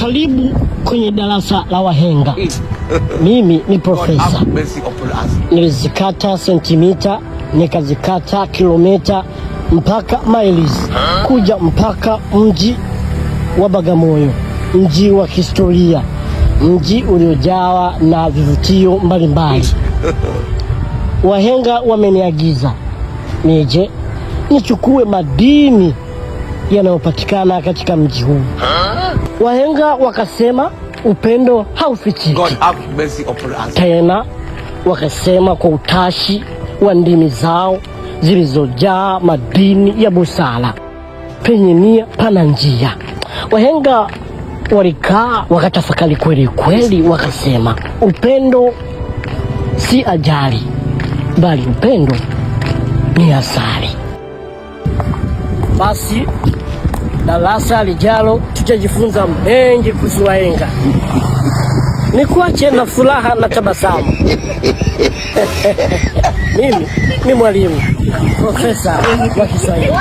karibu kwenye darasa la wahenga. Mimi ni profesa, nilizikata sentimita, nikazikata kilomita mpaka miles, kuja mpaka mji wa Bagamoyo, mji wa kihistoria, mji uliojawa na vivutio mbalimbali. Wahenga wameniagiza nije nichukue madini yanayopatikana katika mji huu. Wahenga wakasema upendo haufichiki, tena wakasema kwa utashi wa ndimi zao zilizojaa madini ya busara, penye nia pana njia. Wahenga walikaa wakatafakari kweli kweli, wakasema upendo si ajali, bali upendo ni asali. Basi darasa lijalo tutajifunza mengi kuhusu wahenga. kuache na furaha na tabasamu. Mimi ni mwalimu profesa wa Kiswahili.